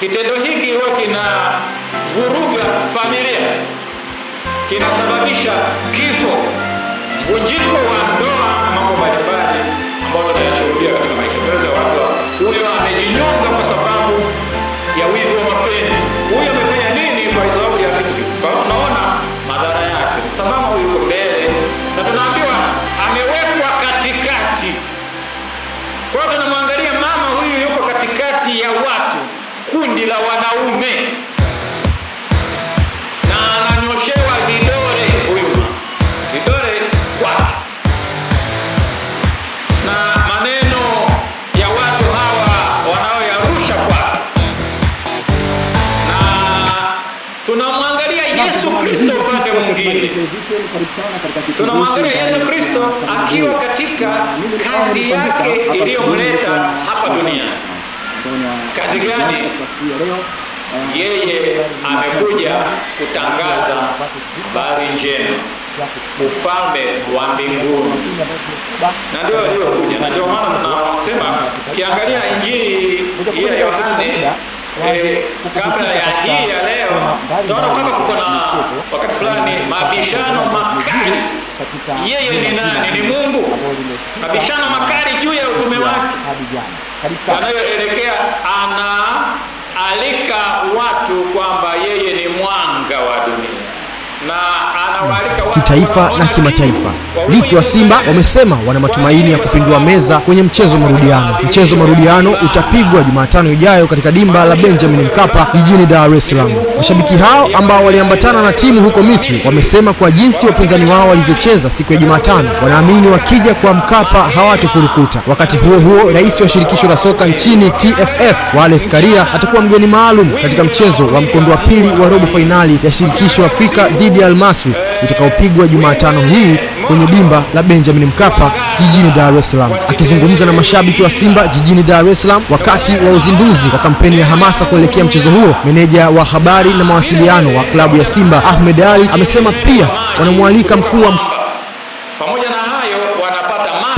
Kitendo hiki huwa kina vuruga familia, kinasababisha kifo, mvunjiko wa ndoa mambo mbalimbali ambayo tunayashuhudia katika maisha. Tunaweza watu huyo amejinyonga kwa sababu ya wivu wa mapenzi, huyo amefanya nini kwa sababu ya kitu kibaya. Unaona madhara yake. sababu yuko mbele na tunaambiwa amewekwa katikati, kwa hiyo tunamwangalia mama huyu yuko katikati ya watu kundi la wanaume na ananyoshewa vidore huyu vidore kwake, na maneno ya watu hawa wanaoyarusha kwake, na tunamwangalia Yesu Kristo upande mwingine, tunamwangalia Yesu Kristo akiwa katika kazi yake iliyomleta hapa duniani. Kazi gani? Eh, Yeye amekuja eh, kutangaza habari njema, ufalme wa mbinguni, na ndio aliyokuja, na ndio maana tunasema kiangalia injili ya Yohane Eh, kabla ya hii ya leo tunaona kwamba kuko na wakati fulani mabishano makali yeye ni nani? Ni Mungu. Mabishano makali juu ya utume wake yanayoelekea, anaalika watu kwamba yeye ni mwanga wa dunia na anawaalika kitaifa na kimataifa liki wa Simba wamesema wana matumaini ya kupindua meza kwenye mchezo marudiano. Mchezo marudiano utapigwa Jumatano ijayo katika dimba la Benjamin Mkapa jijini Dar es Salaam. Mashabiki hao ambao waliambatana na timu huko Misri wamesema kwa jinsi wapinzani wao walivyocheza siku ya Jumatano, wanaamini wakija kwa Mkapa hawatofurukuta. Wakati huo huo, rais wa shirikisho la soka nchini TFF Wallace Karia atakuwa mgeni maalum katika mchezo wa mkondo wa pili wa robo fainali ya shirikisho Afrika dhidi ya almasri utakaopigwa Jumatano hii kwenye dimba la Benjamin Mkapa jijini Dar es Salaam. Akizungumza na mashabiki wa Simba jijini Dar es Salaam wakati wa uzinduzi wa kampeni ya hamasa kuelekea mchezo huo, meneja wa habari na mawasiliano wa klabu ya Simba Ahmed Ali amesema pia wanamwalika mkuu wa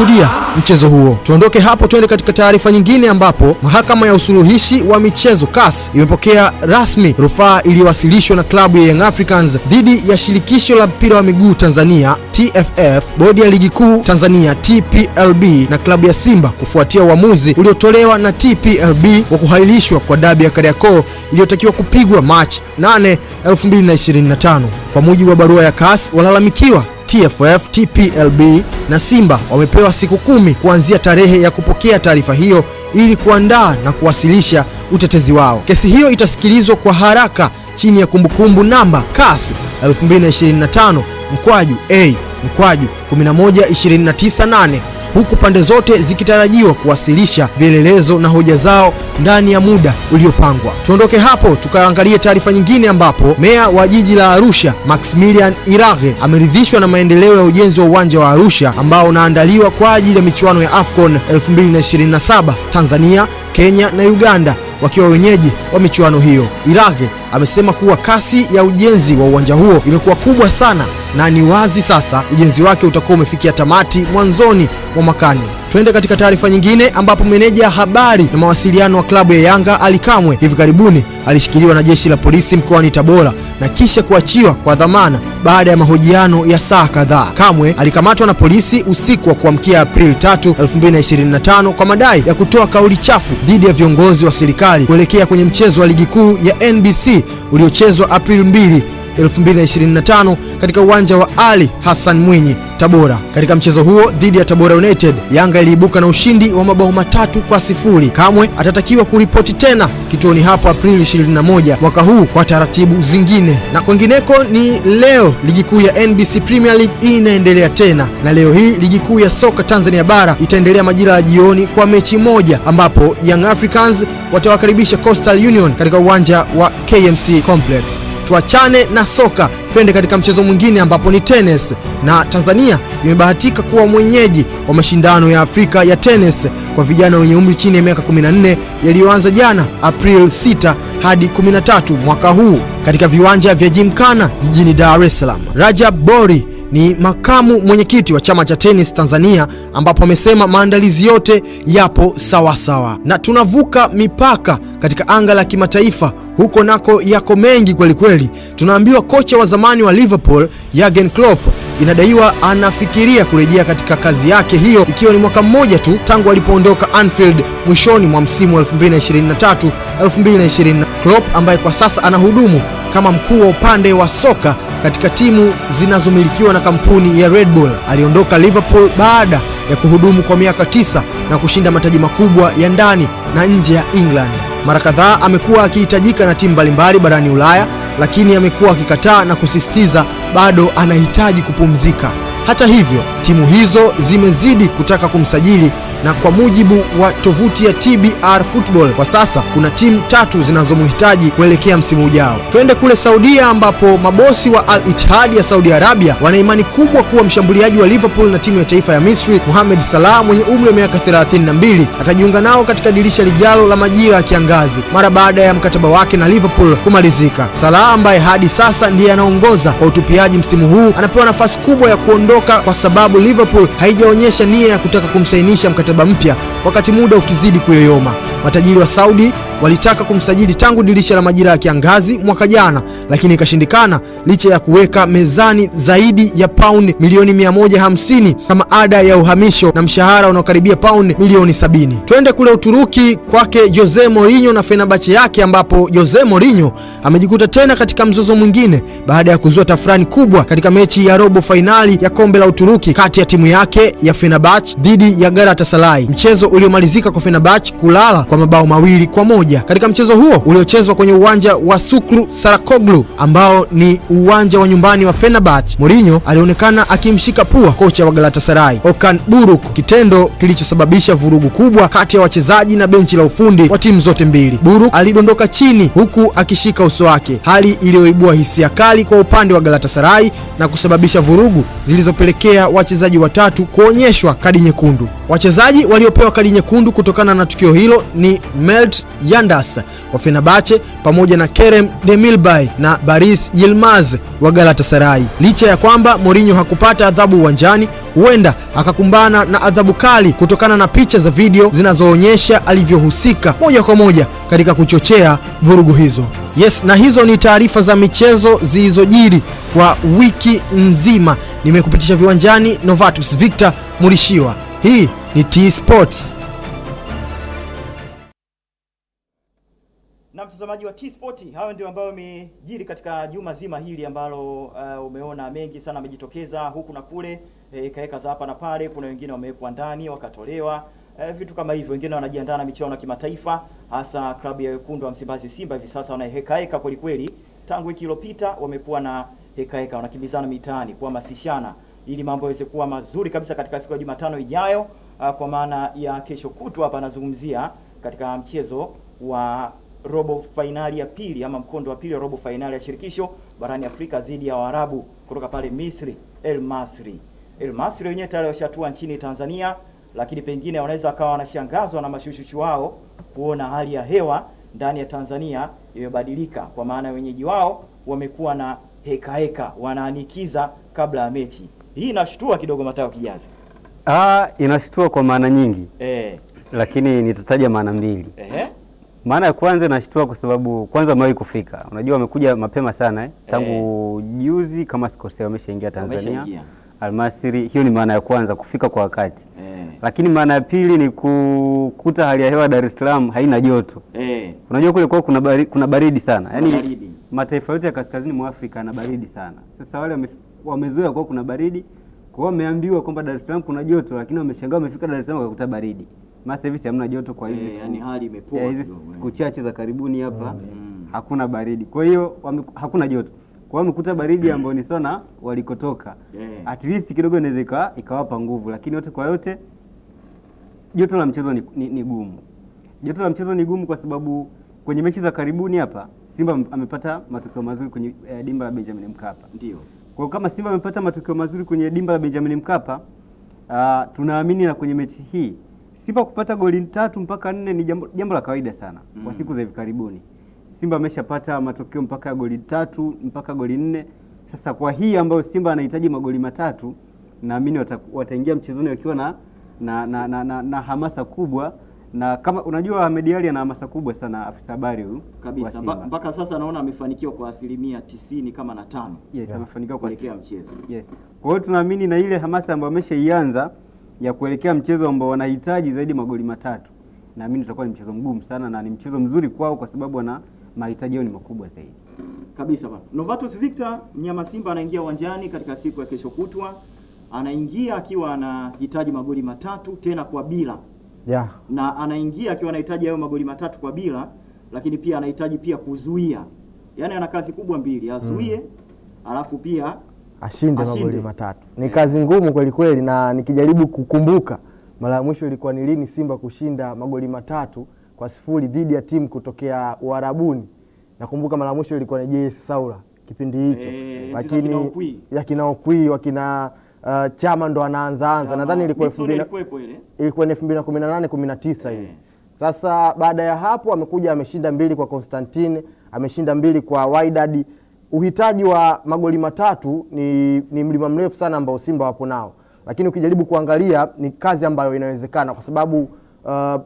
kushuhudia mchezo huo. Tuondoke hapo tuende katika taarifa nyingine, ambapo mahakama ya usuluhishi wa michezo CAS imepokea rasmi rufaa iliyowasilishwa na klabu ya Young Africans dhidi ya shirikisho la mpira wa miguu Tanzania TFF, bodi ya ligi kuu Tanzania TPLB na klabu ya Simba kufuatia uamuzi uliotolewa na TPLB wa kuhairishwa kwa dabi ya Kariakoo iliyotakiwa kupigwa Machi 8, 2025. Kwa mujibu wa barua ya CAS, walalamikiwa TFF, TPLB na Simba wamepewa siku kumi kuanzia tarehe ya kupokea taarifa hiyo ili kuandaa na kuwasilisha utetezi wao. Kesi hiyo itasikilizwa kwa haraka chini ya kumbukumbu namba CAS 2025 mkwaju A mkwaju 11298 huku pande zote zikitarajiwa kuwasilisha vielelezo na hoja zao ndani ya muda uliopangwa. Tuondoke hapo tukaangalie taarifa nyingine, ambapo meya wa jiji la Arusha Maximilian Irage ameridhishwa na maendeleo ya ujenzi wa uwanja wa Arusha ambao unaandaliwa kwa ajili ya michuano ya AFCON 2027 Tanzania, Kenya na Uganda wakiwa wenyeji wa michuano hiyo. Irage amesema kuwa kasi ya ujenzi wa uwanja huo imekuwa kubwa sana na ni wazi sasa ujenzi wake utakuwa umefikia tamati mwanzoni mwa mwakani. Twende katika taarifa nyingine ambapo meneja habari na mawasiliano wa klabu ya Yanga ali Kamwe hivi karibuni alishikiliwa na jeshi la polisi mkoani Tabora na kisha kuachiwa kwa dhamana baada ya mahojiano ya saa kadhaa. Kamwe alikamatwa na polisi usiku wa kuamkia Aprili 3, 2025 kwa madai ya kutoa kauli chafu dhidi ya viongozi wa serikali kuelekea kwenye mchezo wa ligi kuu ya NBC uliochezwa Aprili 2025 katika uwanja wa Ali Hassan Mwinyi Tabora. Katika mchezo huo dhidi ya Tabora United, Yanga iliibuka na ushindi wa mabao matatu kwa sifuri. Kamwe atatakiwa kuripoti tena kituoni hapo Aprili 21 mwaka huu kwa taratibu zingine. Na kwengineko ni leo ligi kuu ya NBC Premier League inaendelea tena, na leo hii ligi kuu ya soka Tanzania bara itaendelea majira ya jioni kwa mechi moja, ambapo Young Africans watawakaribisha Coastal Union katika uwanja wa KMC Complex tuachane na soka, twende katika mchezo mwingine ambapo ni tenis, na Tanzania imebahatika kuwa mwenyeji wa mashindano ya Afrika ya tenis kwa vijana wenye umri chini ya miaka 14 yaliyoanza jana April 6 hadi 13 mwaka huu katika viwanja vya jimkana jijini Dar es Salaam. Rajab Bori ni makamu mwenyekiti wa chama cha tenis Tanzania, ambapo amesema maandalizi yote yapo sawasawa sawa. Na tunavuka mipaka katika anga la kimataifa, huko nako yako mengi kwelikweli. Tunaambiwa kocha wa zamani wa Liverpool Jurgen Klopp inadaiwa anafikiria kurejea katika kazi yake hiyo, ikiwa ni mwaka mmoja tu tangu alipoondoka Anfield mwishoni mwa msimu 2023 2024. Klopp ambaye kwa sasa anahudumu kama mkuu wa upande wa soka katika timu zinazomilikiwa na kampuni ya Red Bull. Aliondoka Liverpool baada ya kuhudumu kwa miaka tisa na kushinda mataji makubwa ya ndani na nje ya England. Mara kadhaa amekuwa akihitajika na timu mbalimbali barani Ulaya, lakini amekuwa akikataa na kusisitiza bado anahitaji kupumzika. Hata hivyo timu hizo zimezidi kutaka kumsajili na kwa mujibu wa tovuti ya TBR Football kwa sasa kuna timu tatu zinazomhitaji kuelekea msimu ujao. Twende kule Saudia ambapo mabosi wa Al Ittihad ya Saudi Arabia wana imani kubwa kuwa mshambuliaji wa Liverpool na timu ya taifa ya Misri Mohamed Salah mwenye umri wa miaka 32 atajiunga nao katika dirisha lijalo la majira ya kiangazi mara baada ya mkataba wake na Liverpool kumalizika. Salah ambaye hadi sasa ndiye anaongoza kwa utupiaji msimu huu anapewa nafasi kubwa ya kuondoka kwa sababu Liverpool haijaonyesha nia ya kutaka kumsainisha mkataba mpya wakati muda ukizidi kuyoyoma. Matajiri wa Saudi walitaka kumsajili tangu dirisha la majira ya kiangazi mwaka jana, lakini ikashindikana licha ya kuweka mezani zaidi ya paundi milioni 150 kama ada ya uhamisho na mshahara unaokaribia paundi milioni sabini. Twende kule Uturuki kwake Jose Mourinho na Fenerbahce yake, ambapo Jose Mourinho amejikuta tena katika mzozo mwingine baada ya kuzua tafrani kubwa katika mechi ya robo fainali ya kombe la Uturuki kati ya timu yake ya Fenerbahce dhidi ya Galatasaray, mchezo uliomalizika kwa Fenerbahce kulala kwa mabao mawili kwa moja moja katika mchezo huo uliochezwa kwenye uwanja wa Sukru Sarakoglu ambao ni uwanja wa nyumbani wa Fenerbahce, Mourinho alionekana akimshika pua kocha wa Galatasaray Okan Buruk, kitendo kilichosababisha vurugu kubwa kati ya wachezaji na benchi la ufundi wa timu zote mbili. Buruk alidondoka chini huku akishika uso wake, hali iliyoibua hisia kali kwa upande wa Galatasaray na kusababisha vurugu zilizopelekea wachezaji watatu kuonyeshwa kadi nyekundu. Wachezaji waliopewa kadi nyekundu kutokana na tukio hilo ni ya Gandas wa Fenerbahce pamoja na Kerem Demirbay na Baris Yilmaz wa Galatasaray. Licha ya kwamba Mourinho hakupata adhabu uwanjani, huenda akakumbana na adhabu kali kutokana na picha za video zinazoonyesha alivyohusika moja kwa moja katika kuchochea vurugu hizo. Yes, na hizo ni taarifa za michezo zilizojiri kwa wiki nzima. Nimekupitisha viwanjani Novatus Victor Murishiwa. Hii ni T Sports. watazamaji wa T-Sport, hayo ndio ambayo yamejiri katika juma zima hili ambalo uh, umeona mengi sana amejitokeza huku na kule, eh, kaeka za hapa na pale. Kuna wengine wamewekwa ndani wakatolewa, eh, vitu kama hivyo. Wengine wanajiandaa na michuano ya kimataifa, hasa klabu ya wekundu wa Msimbazi Simba hivi sasa wanaihekaeka kweli kweli. Tangu wiki iliyopita wamekuwa na hekaeka, wanakimbizana mitaani kuhamasishana ili mambo yaweze kuwa mazuri kabisa katika siku ya Jumatano ijayo, uh, kwa maana ya kesho kutwa. Hapa nazungumzia katika mchezo wa robo fainali ya pili ama mkondo wa pili wa robo fainali ya shirikisho barani Afrika dhidi ya Waarabu kutoka pale Misri, El Masri. El Masri wenyewe tayari washatua nchini Tanzania, lakini pengine wanaweza wakawa wanashangazwa na mashushushu wao kuona hali ya hewa ndani ya Tanzania imebadilika, kwa maana wenyeji wao wamekuwa na heka heka, wanaanikiza kabla ya mechi hii. Inashtua kidogo, Matao Kijazi. Ah, inashtua kwa maana nyingi eh, lakini nitataja maana mbili eh. Maana ya kwanza nashtua kwa sababu kwanza wamewahi kufika, unajua wamekuja mapema sana eh? Tangu hey, eh. juzi kama sikosea wameshaingia Tanzania Almasiri. Hiyo ni maana ya kwanza kufika kwa wakati e. Lakini maana ya pili ni kukuta hali ya hewa Dar es Salaam haina joto e. Unajua kule kwao kuna, bari, kuna baridi sana yaani Mataifa yote ya kaskazini mwa Afrika yana baridi sana. Sasa wale wamezoea kwao kuna baridi, kwao wameambiwa kwamba Dar es Salaam kuna joto, lakini wameshangaa wamefika Dar es Salaam wakakuta baridi maana sasa hamna joto kwa hizi eh, yani hali imepoa eh, hizi siku eh. chache za karibuni hapa mm. hakuna baridi kwa hiyo hakuna joto kwa hiyo wamekuta baridi mm. ambayo ni sana walikotoka yeah. at least kidogo inaweza ikawapa nguvu lakini yote kwa yote joto la mchezo ni, ni, ni gumu joto la mchezo ni gumu kwa sababu kwenye mechi za karibuni hapa Simba amepata matokeo mazuri kwenye eh, dimba la Benjamin Mkapa. Ndio. Kwa kama Simba amepata matokeo mazuri kwenye dimba la Benjamin Mkapa, uh, tunaamini na kwenye mechi hii Simba kupata goli tatu mpaka nne ni jambo, jambo la kawaida sana mm. kwa siku za hivi karibuni Simba ameshapata matokeo mpaka goli tatu mpaka goli nne. Sasa kwa hii ambayo Simba anahitaji magoli matatu, naamini wataingia mchezoni wakiwa na na, na, na, na na hamasa kubwa, na kama unajua Ahmed Ally ana hamasa kubwa sana, afisa habari huyu kabisa. Mpaka sasa naona amefanikiwa kwa asilimia tisini kama na tano, yes, amefanikiwa kuelekea mchezo yes. Kwa hiyo tunaamini na ile hamasa ambayo ameshaianza ya kuelekea mchezo ambao wanahitaji zaidi magoli matatu, naamini utakuwa ni mchezo mgumu sana na ni mchezo mzuri kwao kwa sababu wana mahitaji yao ni makubwa zaidi kabisa. Bwana Novatus Victor mnyama Simba anaingia uwanjani katika siku ya kesho kutwa, anaingia akiwa anahitaji magoli matatu tena kwa bila yeah. na anaingia akiwa anahitaji hayo magoli matatu kwa bila, lakini pia anahitaji pia kuzuia, yaani ana kazi kubwa mbili, azuie mm. alafu pia ashinde magoli matatu. Ni eh. kazi ngumu kweli kweli, na nikijaribu kukumbuka mara ya mwisho ilikuwa ni lini Simba kushinda magoli matatu kwa sifuri dhidi ya timu kutokea Uarabuni. Nakumbuka mara ya mwisho ilikuwa ni JS Saoura kipindi hicho, eh, lakini yakina Okwi wakina uh, Chama ndo anaanzaanza, nadhani ilikuwa ni elfu mbili na kumi na nane kumi na tisa eh. hii Sasa baada ya hapo amekuja ameshinda mbili kwa Constantine, ameshinda mbili kwa Wydad uhitaji wa magoli matatu ni, ni mlima mrefu sana ambao Simba wapo nao, lakini ukijaribu kuangalia ni kazi ambayo inawezekana kwa sababu uh,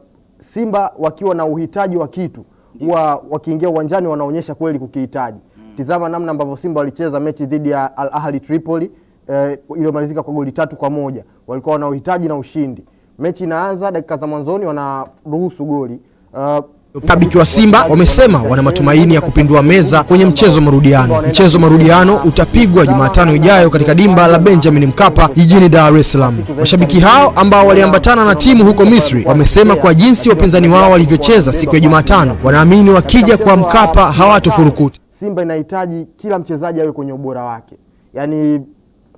Simba wakiwa na uhitaji wa kitu huwa wakiingia uwanjani wanaonyesha kweli kukihitaji. Mm. Tizama namna ambavyo Simba walicheza mechi dhidi ya Al Ahli Tripoli eh, iliyomalizika kwa goli tatu kwa moja. Walikuwa wana uhitaji na ushindi. Mechi inaanza dakika za mwanzoni wanaruhusu goli. Uh, Mashabiki wa Simba wamesema wana matumaini ya kupindua meza kwenye mchezo marudiano. Mchezo marudiano utapigwa Jumatano ijayo katika dimba la Benjamin Mkapa jijini Dar es Salaam. Mashabiki hao ambao waliambatana na timu huko Misri wamesema kwa jinsi wapinzani wao walivyocheza siku ya Jumatano, wanaamini wakija kwa Mkapa hawatofurukuti. Simba inahitaji kila mchezaji awe kwenye ubora wake, yaani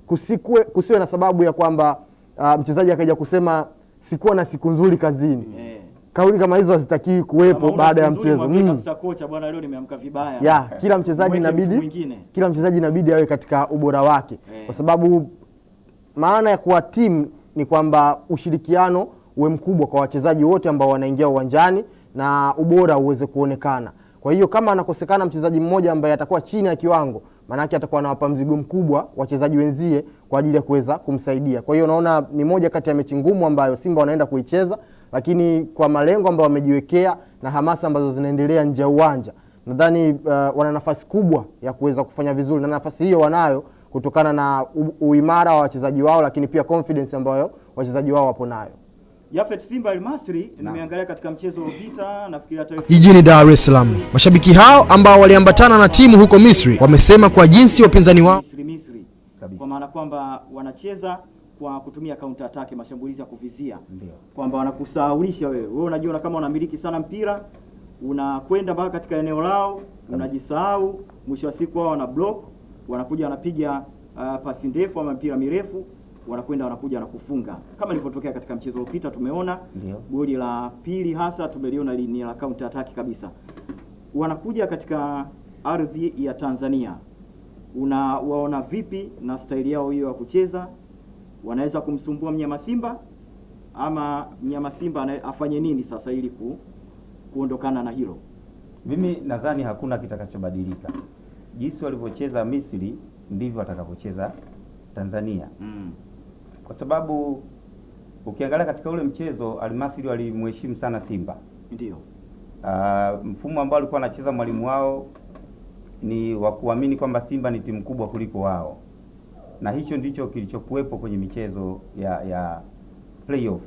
kusikwe, kusiwe na sababu ya kwamba uh, mchezaji akaja kusema sikuwa na siku nzuri kazini kauli kama hizo hazitakiwi kuwepo baada ya mchezo. yeah, mm. kila mchezaji inabidi kila mchezaji inabidi awe katika ubora wake hey. Eh. Kwa sababu maana ya kuwa timu ni kwamba ushirikiano uwe mkubwa kwa wachezaji wote ambao wanaingia uwanjani na ubora uweze kuonekana. Kwa hiyo kama anakosekana mchezaji mmoja ambaye atakuwa chini ya kiwango, maanake atakuwa anawapa mzigo mkubwa wachezaji wenzie kwa ajili ya kuweza kumsaidia. Kwa hiyo naona ni moja kati ya mechi ngumu ambayo Simba wanaenda kuicheza lakini kwa malengo ambayo wamejiwekea na hamasa ambazo zinaendelea nje ya uwanja, nadhani uh, wana nafasi kubwa ya kuweza kufanya vizuri, na nafasi hiyo wanayo kutokana na uimara wa wachezaji wao, lakini pia confidence ambayo wachezaji wao wapo nayo. Jafet Simba Almasri nimeangalia katika mchezo jijini Dar es Salaam. Mashabiki hao ambao waliambatana na timu huko Misri wamesema kwa jinsi wapinzani wao Kwa maana kwamba wanacheza kwa kutumia counter attack, mashambulizi ya kuvizia, kwamba wanakusahaulisha wewe, wewe unajiona kama unamiliki sana mpira, unakwenda mpaka katika eneo lao, mm. unajisahau. Mwisho wa siku wao wana block, wanakuja wanapiga uh, pasi ndefu ama mpira mirefu wanakwenda wanakuja na kufunga kama ilivyotokea katika mchezo uliopita. Tumeona goli la pili hasa tumeliona ni la counter attack kabisa. Wanakuja katika ardhi ya Tanzania, unawaona vipi na staili yao hiyo ya kucheza? wanaweza kumsumbua mnyama simba ama mnyama simba afanye nini sasa ili ku, kuondokana na hilo? Mimi nadhani hakuna kitakachobadilika. Jinsi walivyocheza Misri ndivyo watakavyocheza Tanzania mm. kwa sababu ukiangalia katika ule mchezo Almasri walimheshimu sana Simba. Ndio. Uh, mfumo ambao alikuwa anacheza mwalimu wao ni wa kuamini kwamba Simba ni timu kubwa kuliko wao na hicho ndicho kilichokuwepo kwenye michezo ya ya playoff.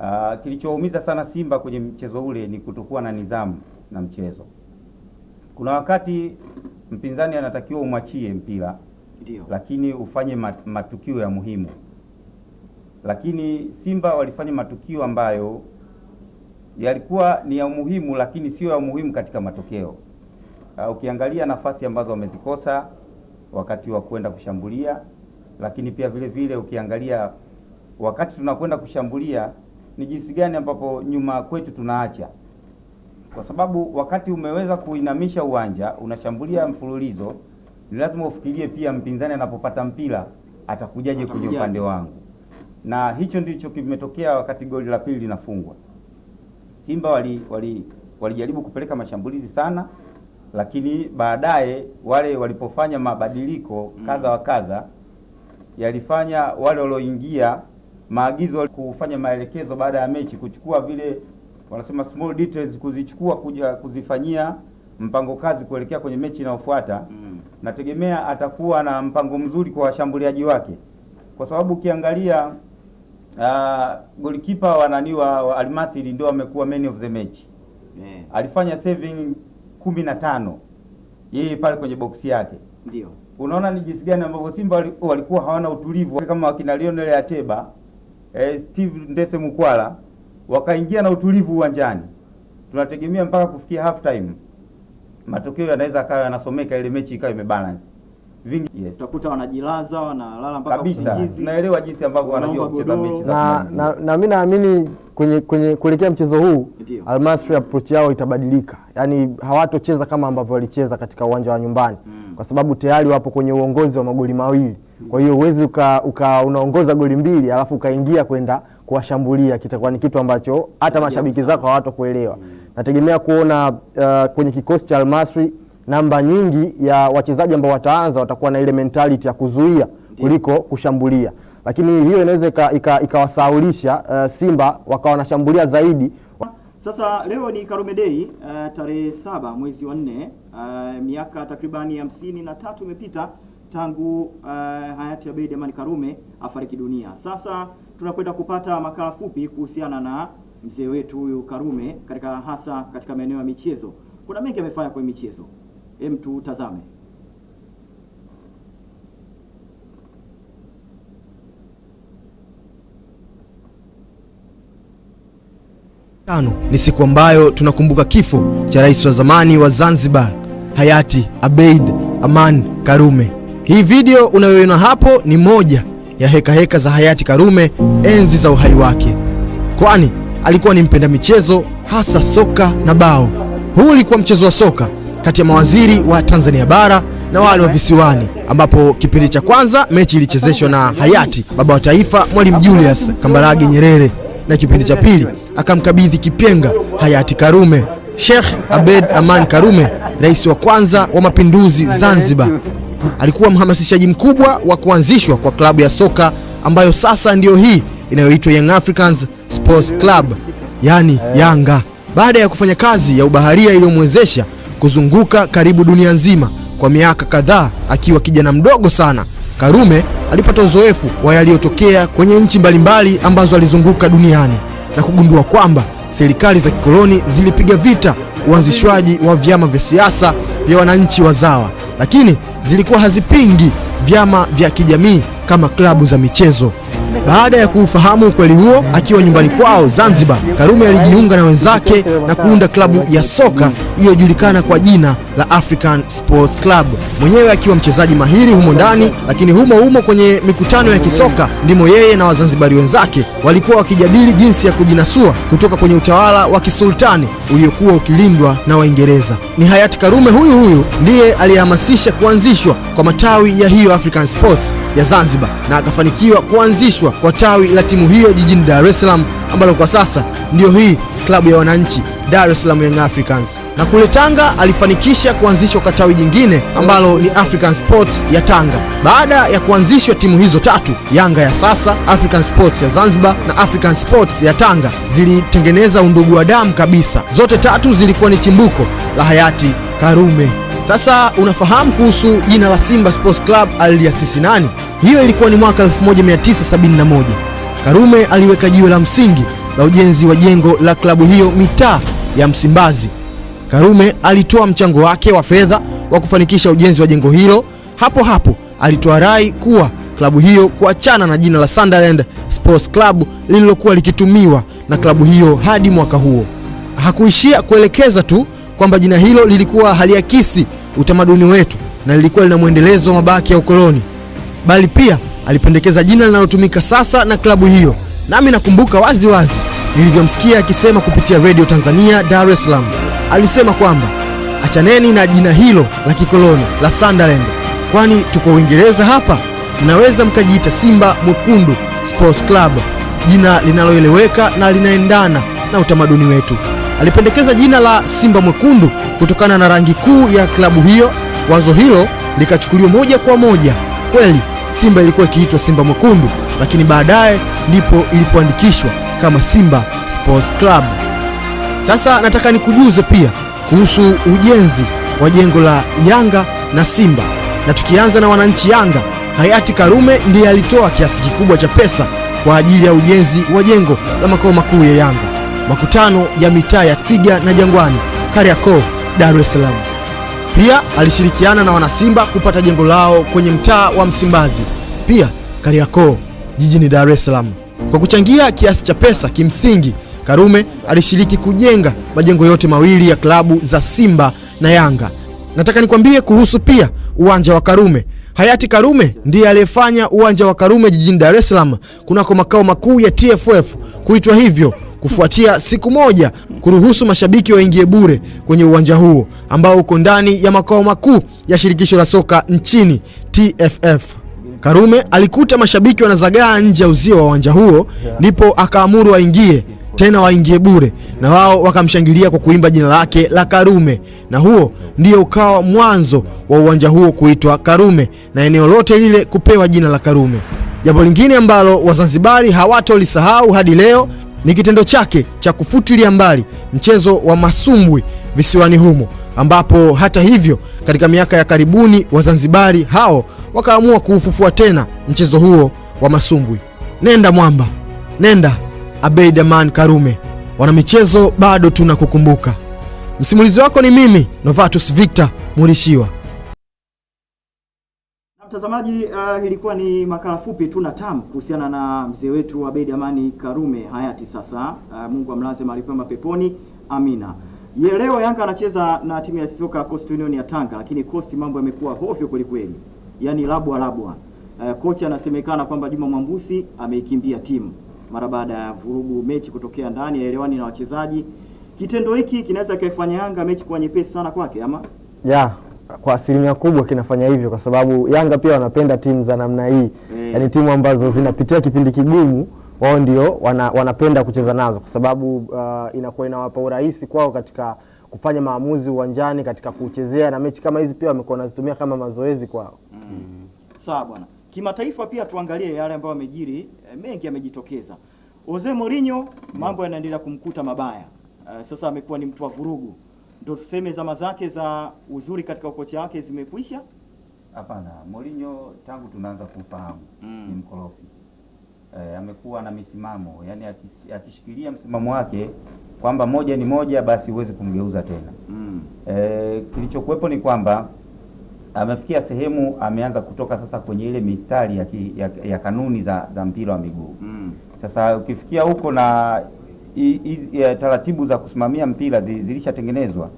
Uh, kilichoumiza sana Simba kwenye mchezo ule ni kutokuwa na nidhamu na mchezo. Kuna wakati mpinzani anatakiwa umwachie mpira Dio, lakini ufanye mat, matukio ya muhimu, lakini Simba walifanya matukio ambayo yalikuwa ni ya umuhimu, lakini sio ya umuhimu katika matokeo. Uh, ukiangalia nafasi ambazo wamezikosa wakati wa kwenda kushambulia, lakini pia vile vile ukiangalia wakati tunakwenda kushambulia ni jinsi gani ambapo nyuma kwetu tunaacha, kwa sababu wakati umeweza kuinamisha uwanja unashambulia mfululizo, ni lazima ufikirie pia mpinzani anapopata mpira atakujaje kwenye upande wangu, na hicho ndicho kimetokea wakati goli la pili linafungwa. Simba wali walijaribu wali kupeleka mashambulizi sana lakini baadaye wale walipofanya mabadiliko kadha wa mm. kadha yalifanya wale walioingia maagizo kufanya maelekezo baada ya mechi kuchukua vile wanasema small details, kuzichukua kuja kuzifanyia mpango kazi kuelekea kwenye mechi inayofuata. Mm. Nategemea atakuwa na mpango mzuri kwa washambuliaji wake, kwa sababu ukiangalia uh, ah, golikipa wa nani wa Almasi ndio amekuwa man of the match. Yeah. Alifanya saving kumi na tano yeye pale kwenye boksi yake. Ndio unaona ni jinsi gani ambavyo Simba walikuwa hawana utulivu kama wakina Lionel Ateba, eh, Steve Ndese Mukwala wakaingia na utulivu uwanjani. Tunategemea mpaka kufikia half time matokeo yanaweza akawa yanasomeka, ile mechi ikawa imebalance vingi. Yes, utakuta wanajilaza wanalala mpaka kabisa. Naelewa jinsi ambavyo wanajua kucheza mechi na, na, na mimi naamini kwenye kwenye kuelekea mchezo huu Almasri approach yao itabadilika, yaani hawatocheza kama ambavyo walicheza katika uwanja wa nyumbani mm. kwa sababu tayari wapo kwenye uongozi wa magoli mawili mm. kwa hiyo huwezi uka, uka unaongoza goli mbili alafu ukaingia kwenda kuwashambulia, kitakuwa ni kitu ambacho hata mashabiki zako hawatokuelewa mm. nategemea kuona uh, kwenye kikosi cha Almasri namba nyingi ya wachezaji ambao wataanza watakuwa na ile mentality ya kuzuia kuliko kushambulia, lakini hiyo inaweza ikawasaulisha uh, Simba wakawa wanashambulia zaidi. Sasa leo ni Karume Day uh, eh, tarehe saba mwezi wa nne uh, miaka takribani hamsini na tatu imepita tangu uh, hayati Abeid Amani Karume afariki dunia. Sasa tunakwenda kupata makala fupi kuhusiana na mzee wetu huyu Karume katika hasa katika maeneo ya michezo. Kuna mengi amefanya kwenye michezo. Hem tuutazame tano. Ni siku ambayo tunakumbuka kifo cha rais wa zamani wa Zanzibar hayati Abeid Aman Karume. Hii video unayoiona hapo ni moja ya hekaheka heka za hayati Karume enzi za uhai wake, kwani alikuwa ni mpenda michezo hasa soka na bao. Huu ulikuwa mchezo wa soka kati ya mawaziri wa Tanzania bara na wale wa visiwani, ambapo kipindi cha kwanza mechi ilichezeshwa na hayati baba wa taifa Mwalimu Julius Kambarage Nyerere na kipindi cha pili akamkabidhi kipenga hayati Karume Sheikh Abed Aman Karume, rais wa kwanza wa mapinduzi Zanzibar. Alikuwa mhamasishaji mkubwa wa kuanzishwa kwa klabu ya soka ambayo sasa ndiyo hii inayoitwa Young Africans Sports Club, yani Yanga. Baada ya kufanya kazi ya ubaharia iliyomwezesha kuzunguka karibu dunia nzima kwa miaka kadhaa akiwa kijana mdogo sana. Karume alipata uzoefu wa yaliyotokea kwenye nchi mbalimbali ambazo alizunguka duniani na kugundua kwamba serikali za kikoloni zilipiga vita uanzishwaji wa vyama vya siasa vya wananchi wazawa, lakini zilikuwa hazipingi vyama vya kijamii kama klabu za michezo. Baada ya kuufahamu ukweli huo, akiwa nyumbani kwao Zanzibar, Karume alijiunga na wenzake na kuunda klabu ya soka iliyojulikana kwa jina la African Sports Club, mwenyewe akiwa mchezaji mahiri humo ndani, lakini humo humo kwenye mikutano ya kisoka ndimo yeye na Wazanzibari wenzake walikuwa wakijadili jinsi ya kujinasua kutoka kwenye utawala wa kisultani uliokuwa ukilindwa na Waingereza. Ni hayati Karume huyu huyu ndiye aliyehamasisha kuanzishwa kwa matawi ya hiyo African Sports ya Zanzibar na akafanikiwa kuanzishwa kuhamishwa kwa tawi la timu hiyo jijini Dar es Salaam ambalo kwa sasa ndiyo hii klabu ya wananchi Dar es Salaam Young Africans, na kule Tanga alifanikisha kuanzishwa kwa tawi jingine ambalo ni African Sports ya Tanga. Baada ya kuanzishwa timu hizo tatu, Yanga ya sasa, African Sports ya Zanzibar na African Sports ya Tanga zilitengeneza undugu wa damu kabisa. Zote tatu zilikuwa ni chimbuko la hayati Karume. Sasa unafahamu kuhusu jina la Simba Sports Club aliasisi nani? Hiyo ilikuwa ni mwaka 1971. Karume aliweka jiwe la msingi la ujenzi wa jengo la klabu hiyo mitaa ya Msimbazi. Karume alitoa mchango wake wa fedha wa kufanikisha ujenzi wa jengo hilo. Hapo hapo alitoa rai kuwa klabu hiyo kuachana na jina la Sunderland Sports Club lililokuwa likitumiwa na klabu hiyo hadi mwaka huo. Hakuishia kuelekeza tu kwamba jina hilo lilikuwa haliakisi utamaduni wetu na lilikuwa lina mwendelezo wa mabaki ya ukoloni bali pia alipendekeza jina linalotumika sasa na klabu hiyo. Nami nakumbuka wazi wazi nilivyomsikia akisema kupitia redio Tanzania Dar es Salaam. Alisema kwamba achaneni na jina hilo la kikoloni la Sunderland, kwani tuko Uingereza hapa, mnaweza mkajiita Simba Mwekundu Sports Club, jina linaloeleweka na linaendana na utamaduni wetu. Alipendekeza jina la Simba Mwekundu kutokana na rangi kuu ya klabu hiyo. Wazo hilo likachukuliwa moja kwa moja. Kweli Simba ilikuwa ikiitwa Simba Mwekundu, lakini baadaye ndipo ilipoandikishwa kama Simba Sports Club. Sasa nataka nikujuze pia kuhusu ujenzi wa jengo la Yanga na Simba, na tukianza na wananchi Yanga, hayati Karume ndiye alitoa kiasi kikubwa cha pesa kwa ajili ya ujenzi wa jengo la makao makuu ya Yanga, makutano ya mitaa ya Twiga na Jangwani, Kariakoo, Dar es Salaam. Pia alishirikiana na wanasimba kupata jengo lao kwenye mtaa wa Msimbazi, pia Kariakoo jijini Dar es Salaam. Kwa kuchangia kiasi cha pesa, kimsingi Karume alishiriki kujenga majengo yote mawili ya klabu za Simba na Yanga. Nataka nikwambie kuhusu pia uwanja wa Karume. Hayati Karume ndiye aliyefanya uwanja wa Karume jijini Dar es Salaam kunako makao makuu ya TFF kuitwa hivyo kufuatia siku moja kuruhusu mashabiki waingie bure kwenye uwanja huo ambao uko ndani ya makao makuu ya shirikisho la soka nchini TFF. Karume alikuta mashabiki wanazagaa nje ya uzio wa uwanja huo, ndipo akaamuru waingie tena waingie bure na wao wakamshangilia kwa kuimba jina lake la Karume, na huo ndio ukawa mwanzo wa uwanja huo kuitwa Karume na eneo lote lile kupewa jina la Karume. Jambo lingine ambalo Wazanzibari hawatolisahau hadi leo ni kitendo chake cha kufutilia mbali mchezo wa masumbwi visiwani humo, ambapo hata hivyo, katika miaka ya karibuni Wazanzibari hao wakaamua kuufufua tena mchezo huo wa masumbwi. Nenda mwamba, nenda Abeid Aman Karume. Wanamichezo, bado tunakukumbuka. Msimulizi wako ni mimi Novatus Victor Murishiwa. Mtazamaji, uh, ilikuwa ni makala fupi tu na tamu kuhusiana na mzee wetu Abeid Amani Karume hayati sasa. Uh, Mungu amlaze mahali pema peponi, amina. Ye, leo Yanga anacheza na timu ya soka Coast Union ya Tanga, lakini Coast mambo yamekuwa hovyo kwelikweli kweli, yaani labwa labwa. Uh, kocha anasemekana kwamba Juma Mwambusi ameikimbia timu mara baada ya vurugu mechi kutokea ndani ya elewani na wachezaji. Kitendo hiki kinaweza kaifanya Yanga mechi kuwa nyepesi sana kwake ama? Yeah kwa asilimia kubwa kinafanya hivyo kwa sababu Yanga pia wanapenda timu za namna hii mm. Yani timu ambazo zinapitia kipindi kigumu wao ndio wana, wanapenda kucheza nazo kwa sababu uh, inakuwa inawapa urahisi kwao katika kufanya maamuzi uwanjani katika kuchezea, na mechi kama hizi pia wamekuwa wanazitumia kama mazoezi kwao mm. Sawa bwana, kimataifa pia tuangalie yale ambayo yamejiri, eh, mengi yamejitokeza. Jose Mourinho mambo mm. yanaendelea kumkuta mabaya. Uh, sasa amekuwa ni mtu wa vurugu ndio tuseme zama zake za uzuri katika ukocha wake zimekwisha? Hapana, Mourinho tangu tunaanza kumfahamu mm. ni mkorofi e, amekuwa na misimamo yani, akishikilia msimamo wake kwamba moja ni moja, basi huwezi kumgeuza tena mm. e, kilichokuwepo ni kwamba amefikia sehemu ameanza kutoka sasa kwenye ile mistari ya, ki, ya, ya kanuni za, za mpira wa miguu mm. Sasa ukifikia huko na taratibu za kusimamia mpira zilishatengenezwa.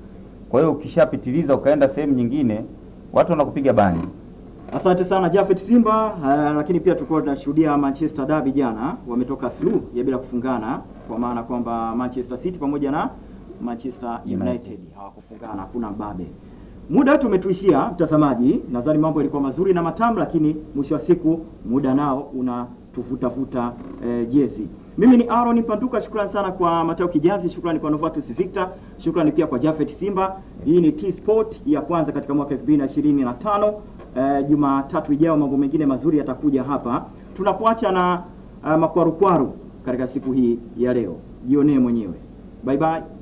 Kwa hiyo ukishapitiliza ukaenda sehemu nyingine, watu wanakupiga bani. Asante sana Jafet Simba. Uh, lakini pia tulikuwa tunashuhudia Manchester Derby jana, wametoka slu ya bila kufungana, kwa maana kwamba Manchester City pamoja na Manchester United, hawakufungana, hakuna mbabe. Muda wetu umetuishia, mtazamaji. Nadhani mambo yalikuwa mazuri na matamu, lakini mwisho wa siku muda nao unatuvutavuta eh, jezi mimi ni Aaron Panduka, shukrani sana kwa Mateo Kijazi, shukrani kwa Novatus Victor, shukrani pia kwa Jafet Simba. Hii ni T Sport ya kwanza katika mwaka 2025. Uh, eh, Jumatatu ijayo mambo mengine mazuri yatakuja hapa. Tunakuacha na uh, eh, makwarukwaru katika siku hii ya leo, jionee mwenyewe. Bye bye.